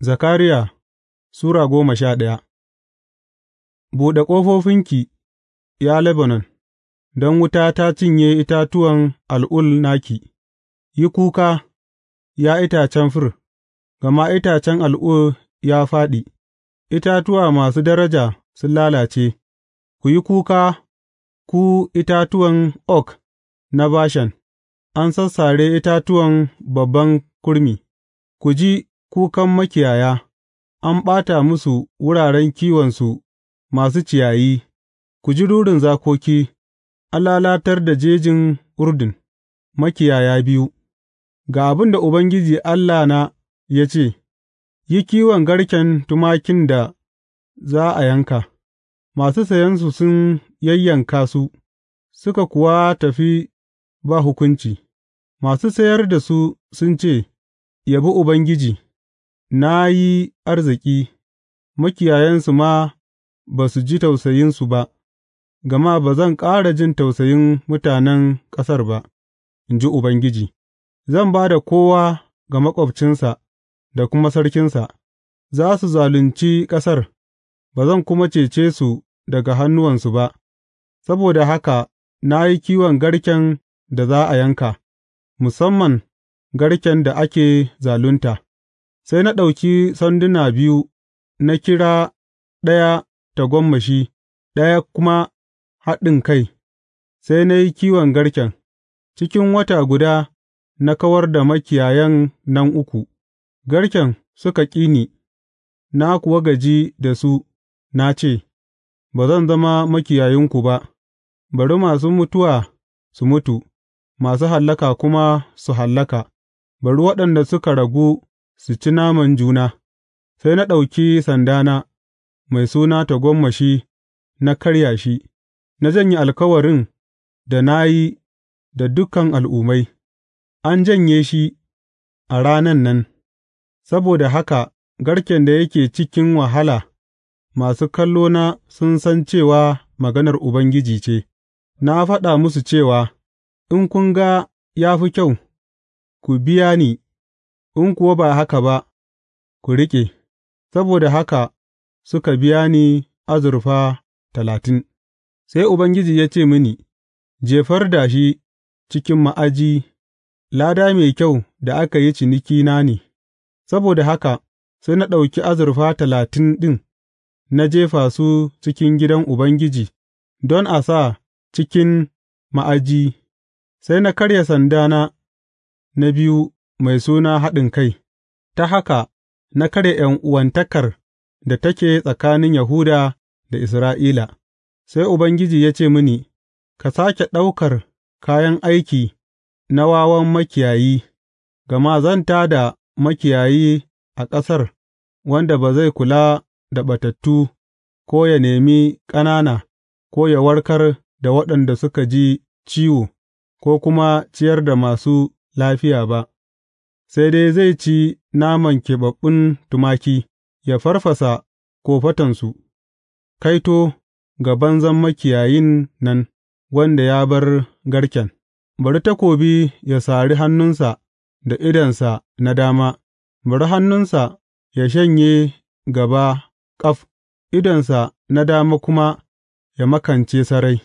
Zakariya Sura goma sha ɗaya Buɗe ƙofofinki, ya Lebanon, don wuta ta cinye itatuwan al'ul naki; yi kuka, ya itacen fir, gama itacen al'ul ya fāɗi, itatuwa masu daraja sun lalace; ku yi kuka, ku itatuwan oak na Bashan, an sassare itatuwan babban kurmi; ku ji! kukan makiyaya, an ɓata musu wuraren kiwonsu masu ciyayi, ku ji rurin zakoki, an lalatar da jejin Urdun, makiyaya biyu. Ga abin da Ubangiji Allahna ya ce, Yi kiwon garken tumakin da za a yanka, masu sayansu sun yayyanka su, suka kuwa tafi ba hukunci, masu sayar da su sun ce, Yabi Ubangiji. Na yi arziki, makiyayansu ma ba su ji tausayinsu ba, gama ba zan ƙara jin tausayin mutanen ƙasar ba, in ji Ubangiji, zan ba da kowa ga maƙwabcinsa da kuma sarkinsa, za su zalunci ƙasar, ba zan kuma cece su daga hannuwansu ba, saboda haka na yi kiwon garken da za a yanka, musamman garken da ake zalunta. Sai na ɗauki sanduna biyu na kira ɗaya tagomashi, ɗaya kuma haɗin kai, sai na yi kiwon garken, cikin wata guda na kawar da makiyayan nan uku, garken suka ƙi na kuwa gaji da su, na ce, Ba zan zama makiyayinku ba, bari masu mutuwa su mutu, masu hallaka kuma su hallaka, bari waɗanda suka ragu. su ci naman juna, sai na ɗauki sandana mai suna tagomashi na karya shi, na janye alkawarin da na yi da dukan al'ummai, an janye shi a ranan nan, saboda haka garken da yake cikin wahala masu kallona sun san cewa maganar Ubangiji ce, na faɗa musu cewa, In kun ga ya fi kyau, ku biya ni in kuwa ba haka ba, ku riƙe, saboda haka suka biya ni azurfa talatin. Sai Ubangiji ya ce mini, Jefar da shi cikin ma'aji, lada mai kyau da aka yi cinikina ne, saboda haka sai na ɗauki azurfa talatin ɗin, na jefa su cikin gidan Ubangiji, don a sa cikin ma'aji, sai na karya sandana na biyu mai suna Haɗin Kai, ta haka na karya ’yan'uwantakar da take tsakanin Yahuda da Isra'ila, sai Ubangiji ya ce mini, Ka sake ɗaukar kayan aiki na wawan makiyayi, gama zan tā da makiyayi a ƙasar wanda ba zai kula da ɓatattu ko ya nemi ƙanana ko ya warkar da waɗanda suka ji ciwo ko kuma ciyar da masu lafiya ba. sai dai zai ci naman keɓaɓɓun tumaki, ya farfasa kofatansu, kaito ga banzan makiyayin nan wanda ya bar garken, bari takobi ya sari hannunsa da idonsa na dama, bari hannunsa ya shanye gaba ƙaf, idonsa na dama kuma ya makance sarai.